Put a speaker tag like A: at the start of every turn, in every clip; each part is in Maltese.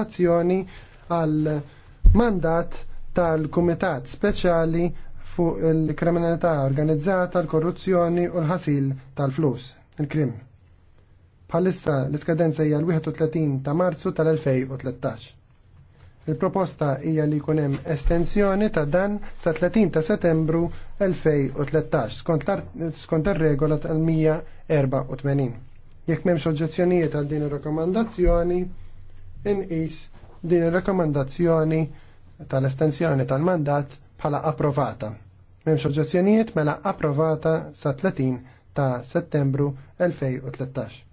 A: azzjoni għal mandat tal-Kumitat Speċjali fuq il-Kriminalità Organizzata, l-Korruzzjoni u l-ħasil tal-flus, il-krim. Bħalissa l-iskadenza hija l-31 ta' Marzu tal-2013. Il-proposta hija li jkun hemm estensjoni ta' dan sa 30 ta' Settembru 2013 skont ir-regola tal-184. Jekk m'hemmx oġġezzjonijiet għal din ir-rakkomandazzjoni, inqis din ir-rekomandazzjoni tal-estensjoni tal-mandat bħala approvata. Memx oġġezzjonijiet mela approvata sa 30 ta' settembru 2013.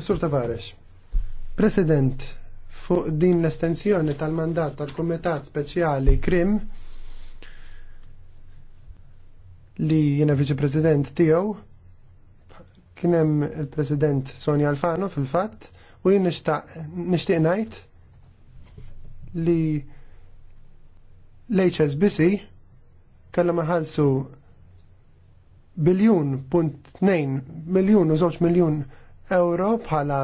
A: Sur Tavares, President, fuq din l-estensjoni tal-mandat tal-Kumitat Speċjali Krim, li jiena viċi-president tiegħu kien hemm il-President Sonja Alfano fil-fatt u jien nixtieq ngħid li l-HSBC kellhom maħalsu biljun punt nejn, miljun u żewġ miljun euro bħala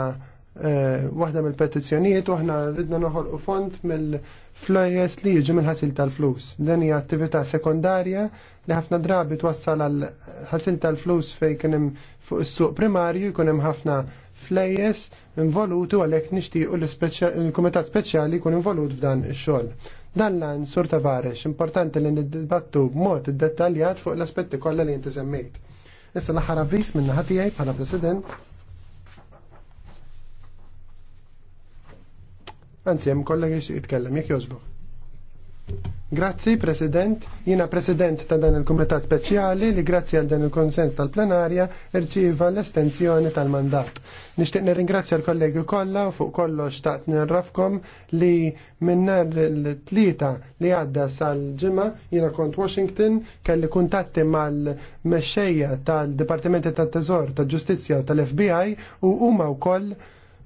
A: Eh, waħda mill-petizzjonijiet u aħna ridna noħolqu fond mill-flajes li jiġu mill-ħasil tal-flus. Dan hija attività sekondarja li ħafna drabi twassal għal ħasil tal-flus fej kien hemm fuq is-suq primarju jkun hemm ħafna flejes involutu għalhekk nixtiequ l-kumitat speċjali jkun involut f'dan ix-xogħol. Dan lan sur varex, importanti li nidbattu b'mod dettaljat fuq l-aspetti kollha li inti semmejt. Issa l-aħħar avviż minn ħatijaj bħala President Anzi, hemm kollega jitkellem jek jozbu. Grazzi, President. Jina President ta' dan il-Kumitat Speċjali li grazzi għal dan il-konsens tal-plenarja irċiva l-estensjoni tal-mandat. Nishtiq nirringrazzja l-kollegi kollha fuq kollox taqt nirrafkom li minnar l-tlita li għadda sal-ġimma jina kont Washington kelli kuntatti mal-mexxejja tal-Dipartimenti tal-Teżor, tal ġustizja u tal-FBI u huma wkoll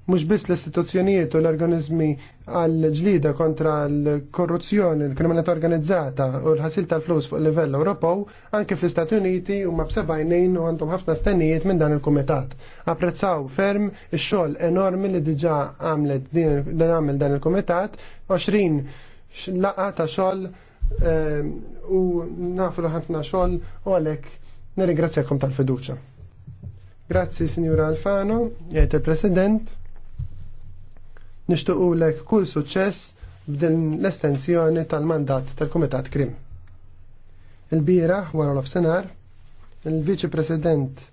A: mhux biss l-istituzzjonijiet u l-organizmi għal ġlida kontra l-korruzzjoni, l-kriminalità organizzata u l-ħasil tal-flus fuq livell Ewropew, anke fl-Istati Uniti huma b'sebajnejn u għandhom ħafna stennijiet minn dan il-kumitat. Apprezzaw ferm ix-xogħol enormi li diġà għamlet din għamel dan il-kumitat, 20 laqa ta' xogħol eh, u nafru ħafna xogħol u għalhekk nirringrazzjakom tal fiduċja Grazzi, Signora Alfano, jgħid il-President lek kull suċċess b'din l-estensjoni tal-mandat tal-Kumitat Krim. il bira wara l-ofsenar, il-Viċi President